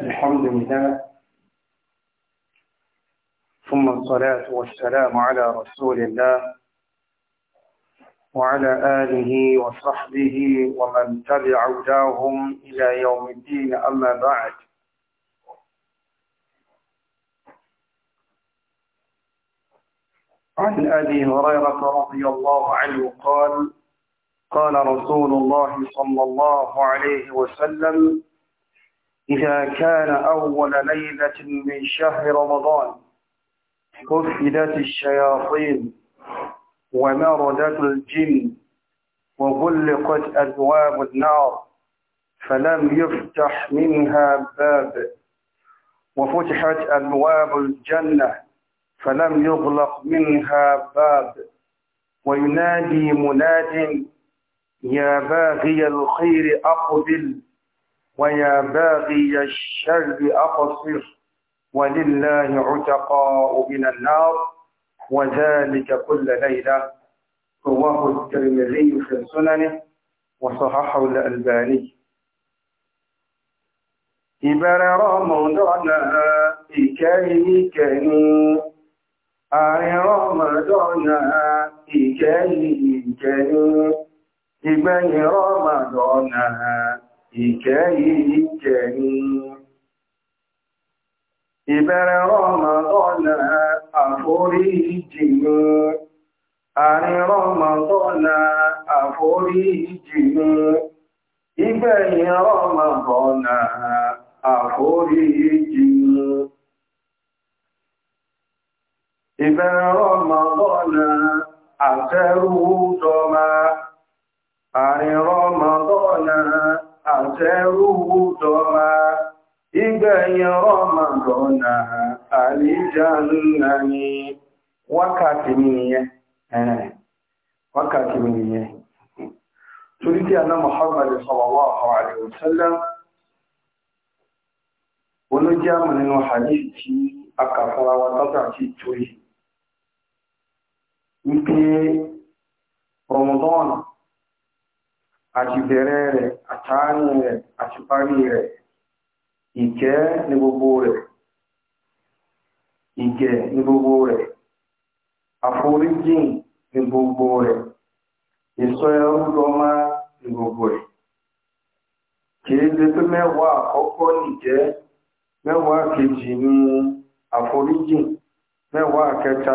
الحمد لله ثم الصلاة والسلام على رسول الله وعلى آله وصحبه ومن تبع هداهم إلى يوم الدين أما بعد عن أبي هريرة رضي الله عنه قال قال رسول الله صلى الله عليه وسلم إذا كان أول ليلة من شهر رمضان كفدت الشياطين ومردت الجن وغلقت أبواب النار فلم يفتح منها باب وفتحت أبواب الجنة فلم يغلق منها باب وينادي مناد يا باغي الخير أقبل ويا باغي الشر أقصر ولله عتقاء من النار وذلك كل ليلة رواه الترمذي في سننه وصححه الألباني ìbẹ̀rẹ̀ rọmọdọ́nà ìkẹ́yìnkẹ́ni àárín rọmọdọ́nà ìkẹ́yìnkẹ́ni ìgbẹ̀yìn rọmọdọ́nà ìkẹ́ yìí jẹ́ ní ìbẹ̀rẹ̀ rọmọdọ́nà àforíjì ní àárín rọmọdọ́nà àforí ní ìgbẹ̀yìn rọmọdọ́nà àforíjì ní ìbẹ̀rẹ̀ rọmọdọ́nà àtẹ́rù tọ́mà àárín rọmọdọ́nà تروه دعا إبايا رمضان àlìjàlùlàní wákàtí nìyẹn wákàtí nìyẹn torí tí na Muhammad sallallahu olójáàmù nínú a torí wípé àti bẹ̀rẹ̀ rẹ̀ àtàárín rẹ̀ àti ike rẹ̀ ìkẹ́ ní gbogbo rẹ̀ ìkẹ́ ní gbogbo rẹ̀ àforíjìn ní gbogbo rẹ̀ ìsọ ní gbogbo rẹ̀ kìí pé mẹ́wàá àkọ́kọ́ nìjẹ́ mẹ́wàá kejì ní àforíjìn mẹ́wàá kẹta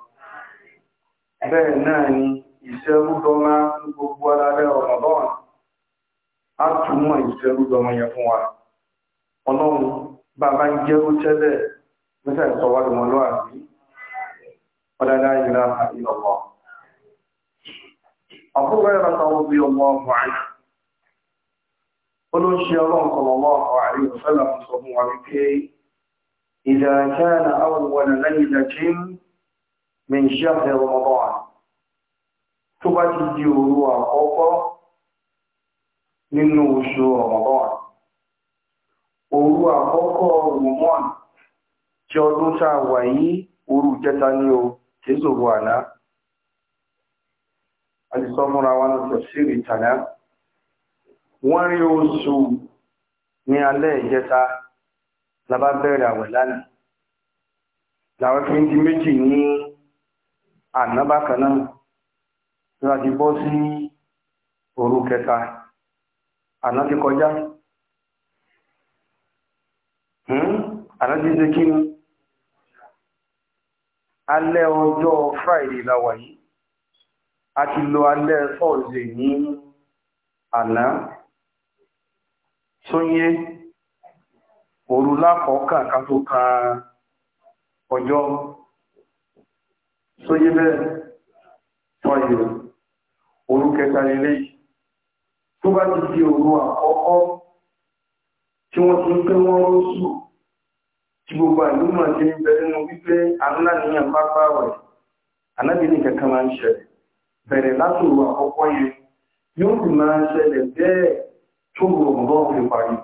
bẹ́ẹ̀ náà ni ìṣẹ́rúdọ́má gbogbo alárẹ́ ọ̀rọ̀lọ́wọ̀n á túnmọ̀ ìṣẹ́rúdọ́mọ yẹn fún wa ọlọ́run bàbá ń jẹ́rú tẹ́lẹ̀ mẹ́ta ìsọwádìí wọn ọ̀dádá ìlà àbí ọ̀pọ̀ أبو هريرة رضي الله عنه قلوا شيء الله صلى الله عليه من شهر رمضان tó bá ti di òru àkọ́kọ́ nínú oṣù Ramadan òru àkọ́kọ́ Ramadan tí ọdún tá wà yìí òru jẹta o tí sòrò àná alìsọ́múra wọn lọ́tọ̀ sí ìrìtàná wọ́n rí oṣù ní alẹ́ ìjẹta labá bẹ̀rẹ̀ fi ń di méjì àná bákan náà tí wọ́n ti bọ́ sí òru kẹta àná ti kọjá hmm? àná ti ṣe kí ni alẹ́ ọjọ́ Friday la wà yìí a ti lo alẹ́ Thursday ní àná sóyé òru lákọ̀ọ́kàn ká tó kan ọjọ́ sóyé bẹ́ẹ̀ tọ́ ìrò òru kẹta lélẹ́ yìí tó bá ti di òru àkọ́kọ́ tí wọ́n ti pé wọ́n rú sùn tí gbogbo àìlúmọ̀ ti ń bẹ nínú wípé àńlá níyàn bá bá wẹ̀ anábìnrin kankan máa ń ṣẹlẹ̀ bẹ̀rẹ̀ láti òru àkọ́kọ́ yẹn yóò sì máa ń ṣẹlẹ̀ bẹ́ẹ̀ tó gbogbo ọ̀gbọ́n fi parí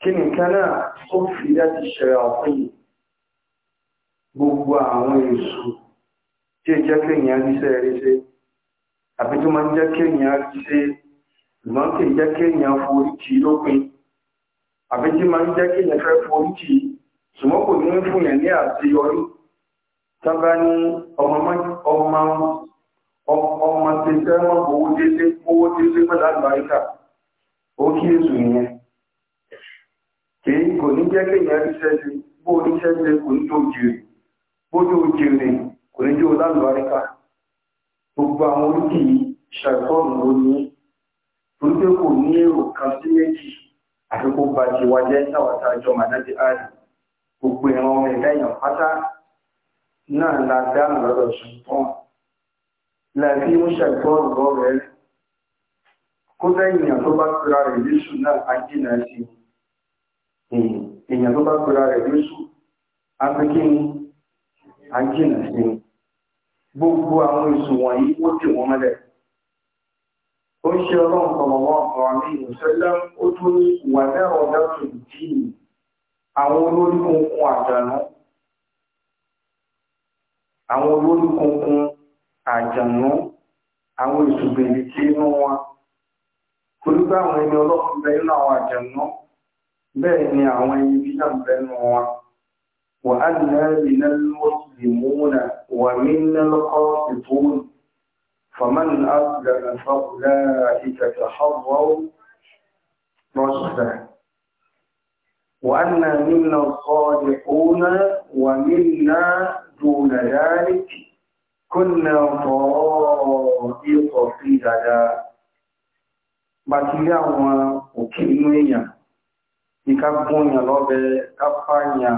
kí nìkan náà ó fi láti ṣẹlẹ̀ ọ̀fún yìí gbogbo àwọn èṣù tí jẹ́ kéèyàn ríṣẹ́ ríṣẹ́ àbí tó máa ń jẹ́ kéèyàn ríṣẹ́ ìmọ̀ tí jẹ́ kéèyàn forí tì lópin àbí tí máa ń jẹ́ kéèyàn fẹ́ forí tì ṣùgbọ́n kò ní fún yẹn ní àṣeyọrí tábà ní ọmọ tí fẹ́ mọ́ owó délé owó délé pẹ̀lú àgbáríkà ó kí èṣù yẹn kì í kò ní jẹ́ kéèyàn ríṣẹ́ sí bó oníṣẹ́ sí kò ní tó jèrè bójú òjèrè kò ní jẹ́ olálùbáríkà gbogbo àwọn oríkì ṣàìtọ́nù ló ní torí pé kò ní èrò kan sí méjì àti kó ba ti wá jẹ́ sáwàtà àjọ màdájí ààrẹ gbogbo ìran ọmọ ẹ̀dá èèyàn pátá náà la dáhùn lọ́dọ̀ ṣàìtọ́nù láti mú ṣàìtọ́nù lọ́rọ̀ ẹ̀ kó lẹ́yìn èèyàn tó bá pera rẹ̀ lóṣù náà á jìnà sí èèyàn tó bá pera rẹ̀ lóṣù á à ń jìnà sí i gbogbo àwọn èso wọ̀nyí ó tì wọ́n mọ́lẹ̀ ó ń ṣe ọlọ́run kọ̀mọ̀wọ́ ọ̀rọ̀ mi ìrùsẹ́lẹ̀ ó tún wà náà ọ̀dọ́ tó dì í àwọn olórí kunkun àjànú àwọn olórí kunkun àjànú àwọn ìṣùgbèrè tí inú wọn torípé àwọn ẹni ọlọ́run bẹ nínú àwọn àjànú bẹ́ẹ̀ ni àwọn ẹni bí náà bẹ nínú wọn وأنا من المسلمون ومنا القاسطون فمن أسلم فأولئك تحروا رشدا وأنا منا الصادقون ومنا دون ذلك كنا طرائق قددا bàtílé àwọn òkè inú èèyàn ní ká gún èèyàn ká pààyàn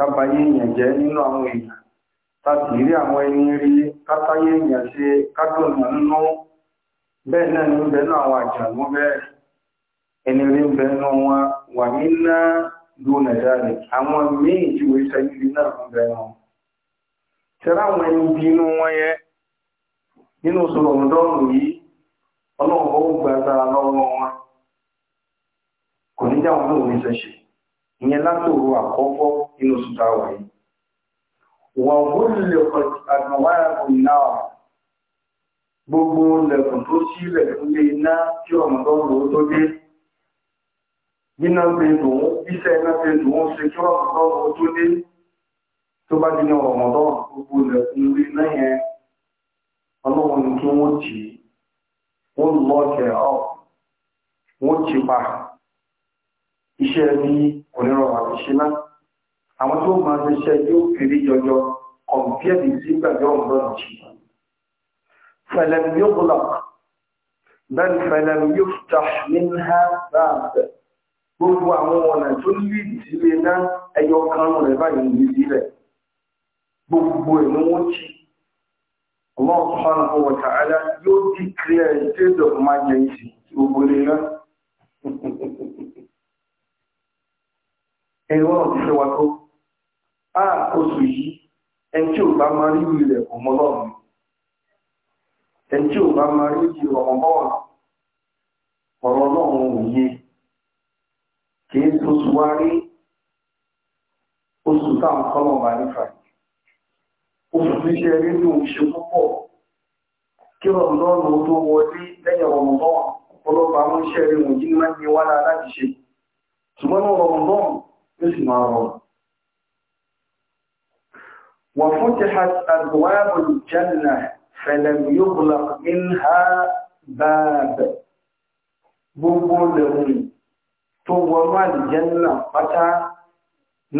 kábàáyé èèyàn jẹ́ nínú àwọn èèyàn tàbí rí àwọn ẹni rí kátáyé èèyàn ṣe kádùnà nínú bẹ́ẹ̀ náà ní àwọn àjàmú bẹ́ẹ̀ ẹni rí bẹ́ẹ̀nú wọn wà ní àwọn míì tí wọ́n náà ń wọn tẹ́lá àwọn ẹni bí inú wọn yẹ nínú sọ̀rọ̀ ọ̀dọ́rùn yìí ọlọ́run ó ìyẹn látòrò àkọ́kọ́ nínú ṣùgbà wà yìí wọ́n gúnlẹ̀ àgbàwáràkù náà gbogbo lẹ̀kùn tó sílẹ̀ nílé iná tí ọmọdọ́rùn ó tó dé iná bèèdùn iṣẹ́ iná bèèdùn ó ṣe kí ọmọdọ́rùn ó tó dé tó bá dínà ọmọdọ́rùn gbogbo lẹ̀kùn orí iná yẹn ọlọ́run kí wọ́n jì wọ́n lọ́ọ̀kẹ̀ ọ̀ wọ́n jì pa iṣẹ́ ní onírọ̀rùn àfiṣíná àwọn tó máa ń ṣiṣẹ́ yóò kéré jọjọ kọ̀m̀pẹ́ẹ̀lì sí gbàgbé ọ̀gbọ́n jì fẹ̀lẹ̀m yóò bọ̀lọ̀ bẹ́ẹ̀ fẹ̀lẹ̀m yóò fìtà nínú báàbẹ̀ gbogbo àwọn ọ̀nà tó ní ìdí náà ẹni wọ́n ti fẹ́ wa tó a oṣù yìí ẹni tí ò bá máa rí ilẹ̀ ọmọ lọ́rùn ẹni tí ò bá máa rí ilẹ̀ ọmọ lọ́rùn ọ̀rọ̀ ọlọ́run òye kìí oṣù wa rí oṣù táwọn kọ́lọ̀ wà nífà oṣù tí ṣe rí ní oṣù púpọ̀ kí ọlọ́run tó wọlé lẹ́yìn ọmọ lọ́rùn ọ̀pọ̀lọpọ̀ àwọn iṣẹ́ rí wọ̀nyí máa ń ní wá láti ṣe ṣùgbọ́n ọmọ lọ́rùn اثمارا وفتحت أبواب الجنة فلم يغلق منها باب gbogbo lẹ́hùn tó wọnú àlìjẹ́nà pátá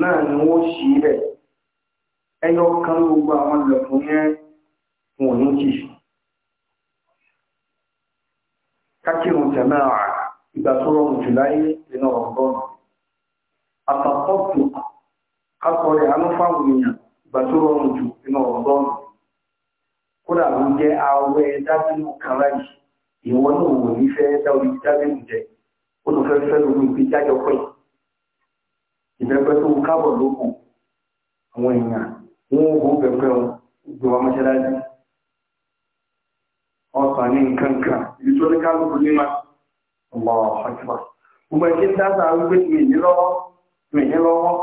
náà ni wọ́n ṣí rẹ̀ ẹyọ kan gbogbo àwọn lẹ́hùn yẹn wọ́n àtàkọ́tù kásọ̀rẹ̀ anúfàwọn èèyàn ìgbà tó rọrùn jù nínú ọ̀dọ́nù kódà ló jẹ́ àwẹ̀ dábìlù kan láyìí ìwọ náà wò ní fẹ́ dá orí dábìlù jẹ ó tó fẹ́ fẹ́ lórí ìpín jájọ pẹ̀ ìbẹ̀pẹ̀ tó kábọ̀ lóko àwọn èèyàn wọn ò bó bẹ̀pẹ̀ wọn gbé wa mọ́ṣáláṣí ọ̀sán ní nǹkan kan ibi tó ní kálukú ní ma ọmọ ọ̀hánjúwà gbogbo ẹ̀kí ń dá sáà wípé mi lọ́wọ́ mi ní lọ́wọ́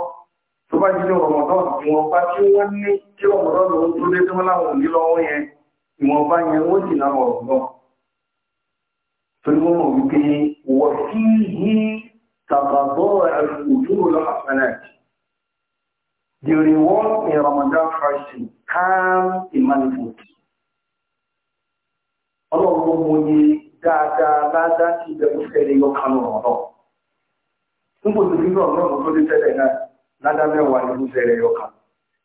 tó bá jíjọ rọmọdán ìwọ̀nba tí wọ́n ní tí rọmọdán lòun tó dé tí wọ́n láwọn òní lọ́wọ́ yẹn The reward in Ramadan fasting manifold. nígbò tó nínú ọ̀rọ̀ tó dé tẹ́lẹ̀ náà ládá mẹ́wàá ní ìbúzẹ̀rẹ̀ ọkà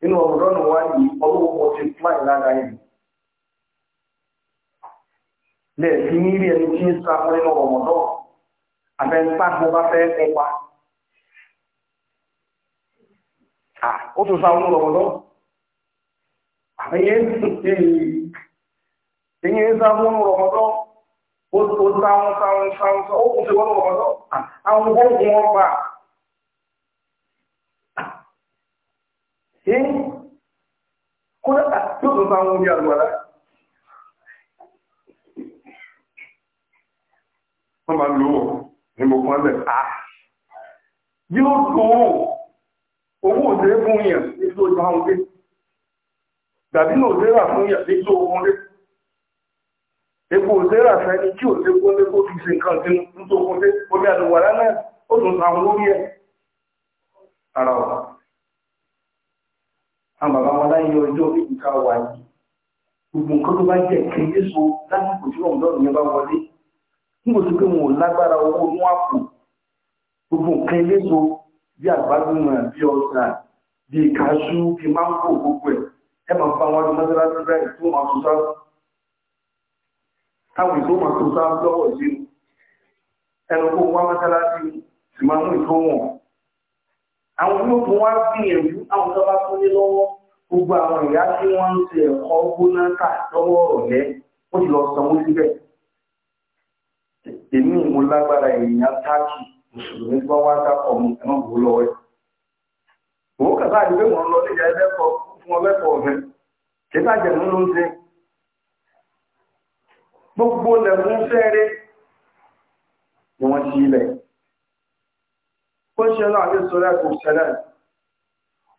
nínú ọ̀rọ̀ wá ní ọlọ́wọ́ mo ti fly lára yìí lẹ́ẹ̀sí ní ilé ẹni tí ń sa fún nínú ọmọ náà àfẹ́ńpá mo bá fẹ́ kópa ó tún sa fún ọmọ náà àfẹ́yẹ́ ń sá fún ọmọ náà ó táwọn táwọn táwọn ó kún sí wọ́n wọ́n lọ àwọn ogun wọn pa. ṣé kódà yóò tún táwọn orí àlùwàlá. wọ́n máa lò ó ní mo kàn lẹ̀ á. Ah! yóò tó owó òṣèré fún yàn nítorí àwọn ọmọdé dàbí ní òṣèré wà fún yàn nítorí àwọn ọmọdé epo òṣèrà fẹ́ni tí ò lépo lépo fi ṣe nǹkan tí ń tó kún dé omi àdùnwàrá náà ó tún sa àwọn lórí ẹ̀ ara ọ̀la àwọn bàbá wọn láyé ọjọ́ níbi ká wà yìí gbogbo nǹkan tó bá jẹ́ kéde so lásìkò tí wọn lọ́rùn yẹn bá wọlé nígbà tó pé wọn ò lágbára owó inú àpò gbogbo nǹkan ilé so bí àgbálùmọ̀ bí ọ̀sà bí kaṣú bí máńgò gbogbo ẹ̀ ẹ̀ máa bá wọn lọ táwọn ìtò máa tó sáà lọ́wọ́ sí ẹnukó wá mọ́sálásí sì máa mú ìtò wọn àwọn yóò tún wá gbìyànjú àwọn tó bá tó ní lọ́wọ́ gbogbo àwọn ìyá tí wọ́n ń ṣe ẹ̀kọ́ gbóná kà lọ́wọ́ ọ̀rẹ́ ó sì lọ sanwó síbẹ̀ èmi mo lágbára èèyàn táàkì mùsùlùmí tó bá wá dápọ̀ mu ẹ̀mọ́ gbogbo lọ́wọ́ ẹ̀ òun kàtà àdúgbò wọn lọ níjà ẹlẹ́kọ̀ọ́ fún ọlẹ́kọ̀ọ́ ọ̀fẹ́ kẹta jẹ̀mú ló ń ṣe gbogbo lẹ̀kún fẹ́rẹ́ ni wọ́n ti ilẹ̀ ó ṣe náà ní sọ́lá kò ṣẹlẹ̀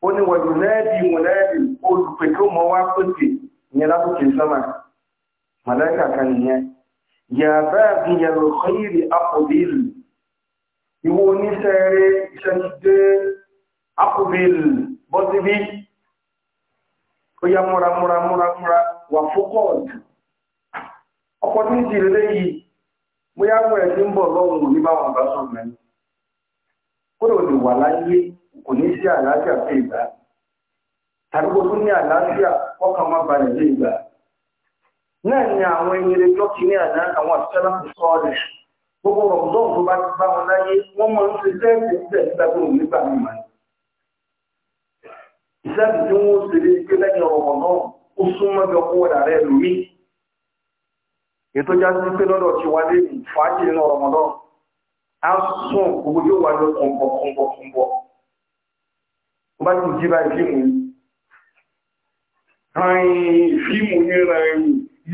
ó ní wọ̀nyí lẹ́ẹ̀dì mọ̀lẹ́ẹ̀dì olùpẹ̀ tó mọ́ wá pèsè ìyẹn látòkè sọ́mà màláìkà kan nìyẹn yàbá ìyẹ̀rọ kọ́yìrì akọ̀bìlì ìwọ oníṣẹ́rẹ́ iṣẹ́ ti opportunity lélẹ́ yìí bóyá wọ́n ẹ̀ tí ń bọ̀ lọ́wọ́ ní báwọn bá sọ mẹ́rin kódò lè wà láyé kò ní sí àlàáfíà ma ìgbà tàbí kò tún ní àlàáfíà ọkàn má balẹ̀ ìgbà náà ni àwọn ẹni rẹ àná àwọn àṣẹ́lá kò sọ ọ́ rẹ̀ gbogbo tó bá ti bá wọn láyé wọ́n ètò jásí pé lọ́dọ̀ ti wá lé ní fàájì nínú ọmọdọ́ á sùn gbogbo yóò wá ní kọ̀ǹbọ̀ kọ̀ǹbọ̀ kọ̀ǹbọ̀ tó bá ti jí báyìí fíìmù yìí rìn fíìmù yìí rìn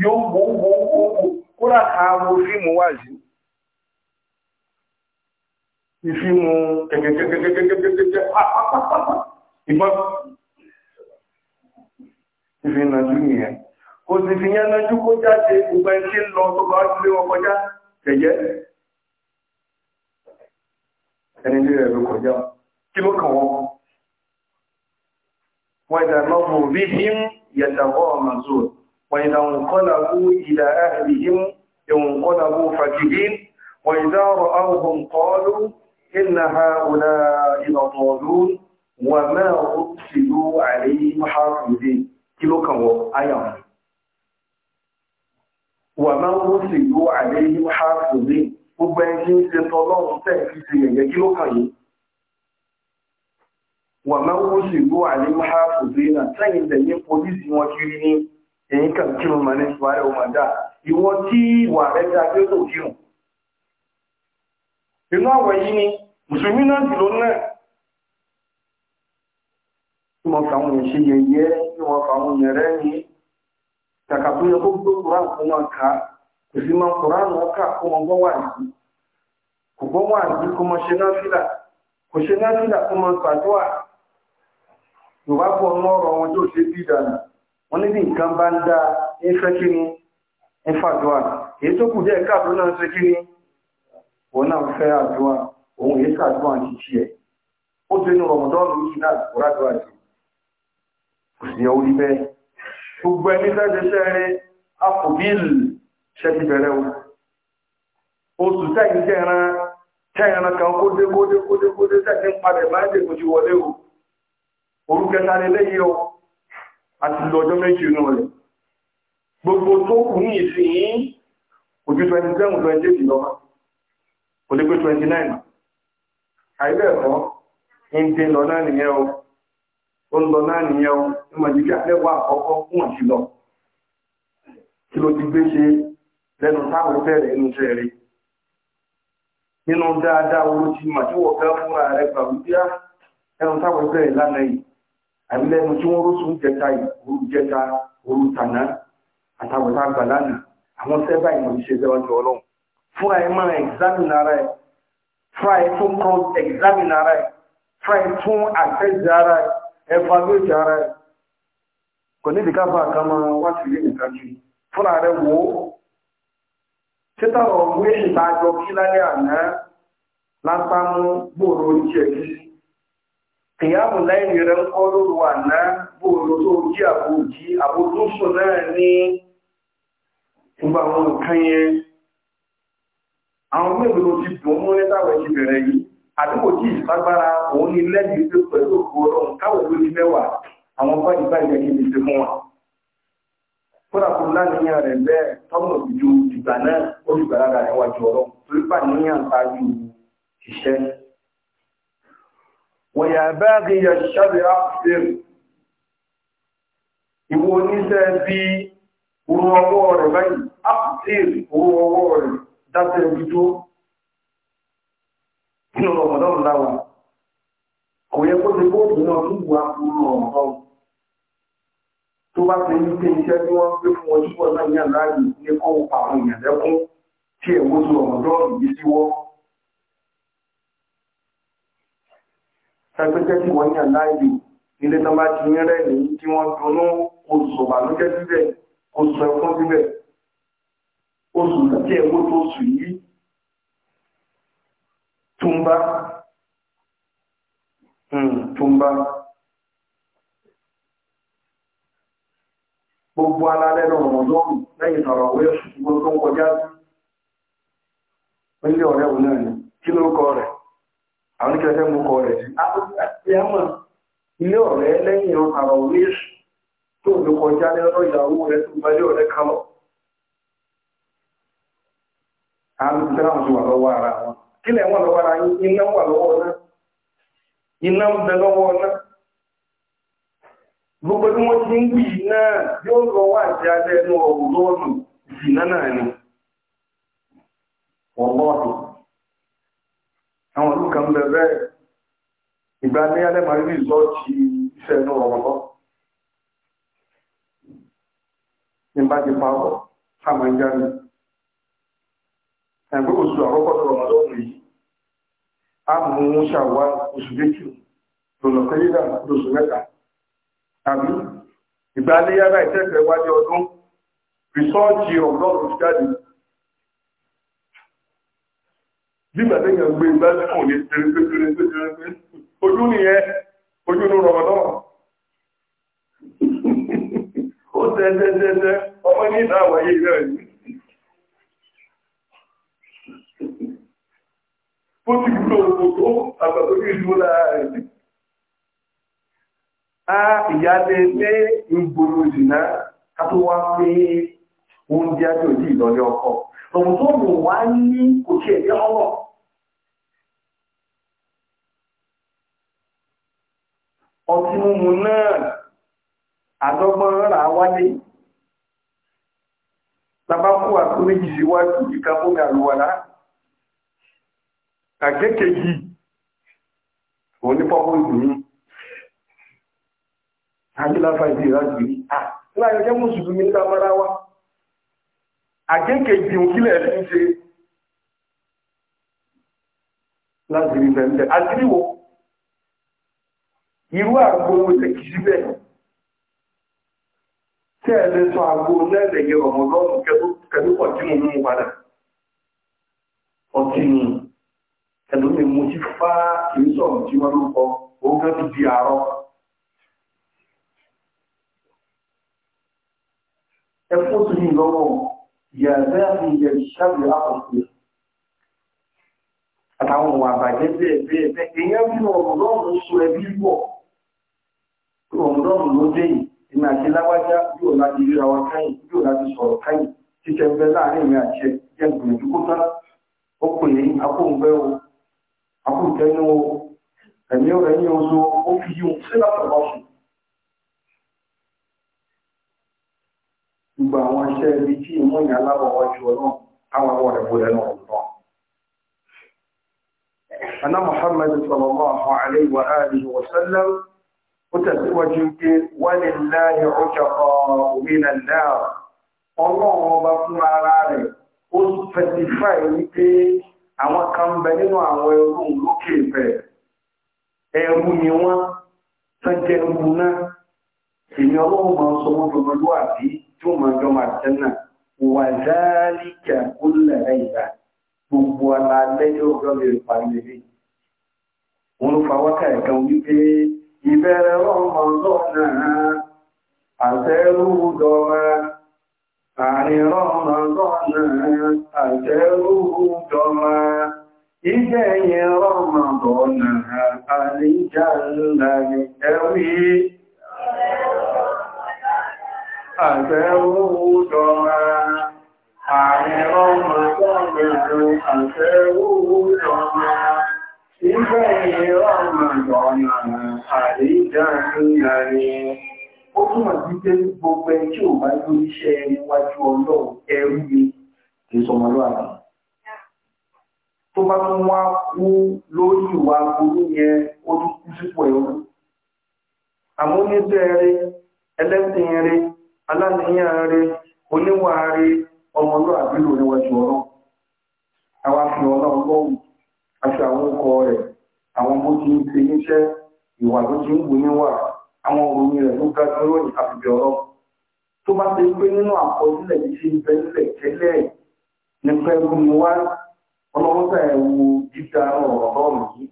yóò gbogbo kódà ká wo fíìmù wà sí ìfíìmù kẹ̀kẹ̀kẹ̀kẹ̀kẹ̀kẹ̀kẹ̀ pápápápá ìbọn ìfìnnà jù nìyẹn kò sì fi yẹn lọ́jú kó jáde gbogbo ẹni tí ń lọ tó bá gbé wọn kọjá kẹ̀yẹ́ ẹni lé rẹ̀ ló kọjá kí ló kàn wọ́n wọ́n ìdá lọ́mù bí i ń yẹ̀dàwọ́ ọ̀màzò wọ́n wọ́n ìdá ọ̀rọ̀ ahùn kí ló kàn wọ́n áyàwó wà máa ń sì ló àlẹ́ yìí ha kò ní gbogbo ẹni tí ń ṣe tọ́ lọ́run tẹ̀ fi ṣe yẹ̀yẹ́ kí ló kàn yín wà máa ń sì ló àlẹ́ yìí ha kò ní nà sẹ́yìn lẹ́yìn polisi wọn kiri ní èyí kan kí wọn máa ní ìwà rẹ̀ wọn dá ìwọ tí ìwà rẹ̀ dá pé kò kírun inú àwẹ̀ yìí ni mùsùlùmí náà sì ló tí wọ́n fàwọn yẹn ṣe yẹ̀yẹ́ tí wọ́n fàwọn yẹn rẹ́ yìí kàkà tó yẹ kó gbé kuran kó máa kà á kò sí máa kuran wọn kà kó wọn gbọ́ wà yìí kò gbọ́ wà yìí kó máa ṣe náfìlà kò ṣe náfìlà kó máa ṣàdúrà yorùbá bọ̀ ọ̀nà ọ̀rọ̀ wọn tó ṣe bí dànù wọn ní bí nǹkan bá ń dá ń fẹ́ kí ni ń fàdúrà èyí tó kù díẹ̀ káàdó náà ń ṣe kí ni wọn náà fẹ́ àdúrà òun èyí ṣàdúrà ti ṣe ẹ̀ ó ti ní rọ̀mọ̀dọ́ọ̀nù yìí náà kúrádùá sí kò sì yẹ orí gbogbo ẹni tẹ́jẹsẹ́ rẹ̀ afòbíl ṣẹ́ti bẹ̀rẹ̀ wọn oṣù tẹ́yìn tẹ́ran tẹ́ran kan dé kódé dé kódé tẹ́yìn padẹ̀ máa dé kò ti wọlé o orúkẹta lélẹ́yìn o àti lọ́jọ́ méjì inú rẹ̀ gbogbo tó kù ní ìsìn ojú 27 28 lọ́wọ́ kò lé pé 29 àìbẹ̀ẹ̀kọ́ ń dín lọ náà nìyẹn o ó ń lọ náà nìyẹn o ní mọ̀jíkà lẹ́wọ́ àkọ́kọ́ fún ọ̀sí lọ kí ló ti gbé ṣe lẹ́nu táwọn bẹ̀rẹ̀ inú iṣẹ́ rẹ̀ nínú dáadáa wo ló ti mà tí wọ́n fẹ́ fúnra rẹ̀ gbà wípé á ah, lẹ́nu táwọn bẹ̀rẹ̀ lánàá yìí àbí lẹ́nu tí wọ́n rọ́sùn jẹta òru jẹta òru tàná àtàwọn tá a gbà lánàá àwọn sẹ́bà ìmọ̀ ìṣẹ́ lẹ́wọ́jọ́ ọlọ́run fúnra ẹ̀ máa examine ara ẹ̀ fúnra ẹ̀ tún cross examine ara ẹ̀ fúnra ẹ̀ tún access ara ẹ̀ ẹfà lóòjì ara kò ní ìdíkàfà kan máa wá sí ilé nìkan kiri fúnra rẹ̀ wò ó kí lálẹ́ àná lápámú gbòòrò oúnjẹ kí sí lẹ́yìn ń kọ́ lóru àná gbòòrò tó jí náà ní gbogbo àwọn àdúgbò tí ìfagbára òun ní lẹ́yìn tó pẹ̀lú òkú ọlọ́run káwọn ló ní mẹ́wàá àwọn báyìí báyìí yẹn kí n ti fún wa. kódà kó láníyàn rẹ̀ bẹ́ẹ̀ tọ́mọ̀ ju ìgbà náà ó dìgbà lára rẹ̀ wájú ọlọ́run torí pà níyàn ṣáájú ìṣẹ́. wọ̀yà báàgì yẹ ṣáàbì áfíìsì ìwọ oníṣẹ́ bí orun ọwọ́ rẹ̀ báyìí áfíìsì orun ọwọ́ rẹ̀ dáṣẹ́ ibi tó kí ló rọ̀mọ̀ kò yẹ kó ti bóòdù náà tún wà kúrò ọ̀rọ̀ tó bá ti ní pé iṣẹ́ tí wọ́n gbé fún wọn sípò náà yàn láàyè ní kó àwọn èèyàn lẹ́kún tí ẹ̀wọ́ ti rọ̀mọ̀ yìí sí wọ́n ẹgbẹ́jẹ́ tí wọ́n yàn láàyè ilé tán bá ti yẹ́rẹ́ ní tí wọ́n dunú oṣù bàlújẹ́ síbẹ̀ oṣù ẹ̀kún síbẹ̀ oṣù tí ẹ̀wọ́ tó sùn Tumba, hmm tumba gbogbo alálẹ́ lọ́rọ̀ lọ́rùn lẹ́yìn ọ̀rọ̀ owó ṣùgbọ́n tó ń kọjá nílé ọ̀rẹ́ òun náà ni kí ló kọ rẹ̀ àwọn mú kọ rẹ̀ ilé ọ̀rẹ́ lẹ́yìn ọ̀rọ̀ tó kọjá ìyàwó rẹ̀ tó ọ̀rẹ́ àwọn kílẹ̀ wọn lọ́wọ́ ara yín iná wà lọ́wọ́ náà na náà gbogbo bí wọ́n ti náà yóò lọ wà sí abẹ́ ẹnu ọ̀rùn lọ́ọ̀nù ìsìná náà ni ọlọ́ọ̀tù àwọn ẹ̀gbẹ́ oṣù àkọ́kọ́ tó yìí a mú ṣàwá oṣù méjì lọ́nà kẹ́yìdà lóṣù mẹ́ta àbí ìgbàléyàrá ìtẹ́fẹ́ wájú ọdún rìsọ́ọ̀tì ọ̀gbọ́n òṣìjáde ó ọmọ ní yìí ó ti wúlò òkò tó àgbàgbé ìlú láàárín sí. a ìyáde lé ìgboro ìdìnnà ká tó wá pé oúnjẹ àti òjì ìlọlẹ ọkọ ọmọ tó mọ wá ní kò tiẹ̀ ní ọwọ́. ọtí mímu náà àdọ́gbọ́n rà wáyé tàbá kó àtúnméjì síwájú ìka fún àlùwàlá àgẹ́kẹ̀ẹ́jì òun ní pọ́pọ́ ìgbìmí ajíláfà ìdí ìrájì rí láyọjẹ́ mùsùlùmí ní dámọ́ra wá àgẹ́kẹ̀ẹ́jì òkílẹ̀ ẹ̀sìn ṣe láti rí bẹ̀rẹ̀ àdíríwò irú àgbo ẹ̀kì síbẹ̀ tí ẹ̀ lè sọ àgbo lẹ́lẹ̀yẹ ọmọdọ́nù kẹ́lú ọtí mú mú padà ọtí mú ẹlòmíì mo ti fá kìí sọ̀rọ̀ tí wọ́n ló kọ òun kan ti di àárọ̀. ẹ fún sí ní lọ́wọ́ yàtẹ́ àti ìyẹ̀ṣàbí àkọsílẹ̀ àtàwọn òun àbàjẹ́ bẹ́ẹ̀ bẹ́ẹ̀ bẹ́ẹ̀ èèyàn bí ọ̀rọ̀lọ́rùn sọ ẹbí ló dé yìí àti yóò láti káyìn yóò láti sọ̀rọ̀ káyìn títẹ̀ ń bẹ kó tán ó pè ní akóhùnbẹ́ àbú ìtẹ́nu ẹ̀mí ọ̀rẹ́ ní oṣù ó fi yíò sí látọ̀rọ̀ ọ̀ṣù gbogbo àwọn iṣẹ́ ibi tí ìmọ̀ ìyá aláwọ̀ ọjọ́ ọlọ́run àwọn àwọn rẹ̀ bóyá náà lọ أنا محمد صلى الله عليه وآله وسلم وتسوج ولله عتقاء من النار الله بفعل عليه أصفتفاء àwọn kan ń bẹ nínú àwọn ẹrú lókè ìfẹ́ ẹrú ni wọ́n tán jẹ́ ẹrú náà èmi ọlọ́run máa ń sọ wọ́n jọmọ lúwàbí tí ó máa jọmọ àtẹ́nà wà dáálíkà ó lẹ̀rẹ̀ ìgbà gbogbo alalẹ́ yóò gbọ́ àárín rọ́mọ̀gọ́nà àtẹ́rùjọmá ìgbẹ̀yìn rọ́mọ̀gọ́nà àlìjàlá ẹ̀wí àtẹ́rùjọmá àárín rọ́mọ̀gọ́nà àtẹ́rùjọmá ìgbẹ̀yìn rọ́mọ̀gọ́nà àlìjàlá ẹ̀wí ó túmọ̀ sí pé gbogbo ẹni tí ò bá yóò iṣẹ́ níwájú ọlọ́run ẹrú mi kì í sọmọ lọ́wọ́ tó bá tún wá kú lórí ìwà aburú yẹn ó tún kú sípò ẹrú àmọ́ oníṣẹ́ẹ̀rẹ́ ẹlẹ́sìnrẹ́ aláníyànrẹ́ oníwàárẹ́ ọmọlúwàbí lò níwájú ọlọ́run àwọn àfihàn ọlọ́run lọ́wọ́ àti àwọn ọkọ rẹ̀ àwọn bó ti ń ṣe níṣẹ́ ìwà tó ti ń wù níwàá àwọn òròyìn rẹ̀ ló ga jù ni àfibì ọ̀rọ̀ tó bá ti pé nínú àkọsílẹ̀ yìí ṣe ń bẹ nílẹ̀ tẹ́lẹ̀ nípa ẹgbẹ́ mi wá ọlọ́wọ́ tẹ̀ wo dídá ọ̀rọ̀ lọ́rùn yìí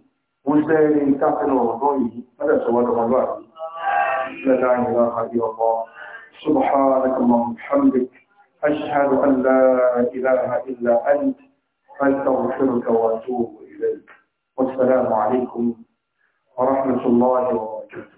wọ́n jẹ́ ẹni káfíń ọ̀rọ̀ lọ́rùn yìí mẹ́tẹ̀ sọ wọ́n dọ́mọdọ́ àbí والسلام عليكم ورحمة الله وبركاته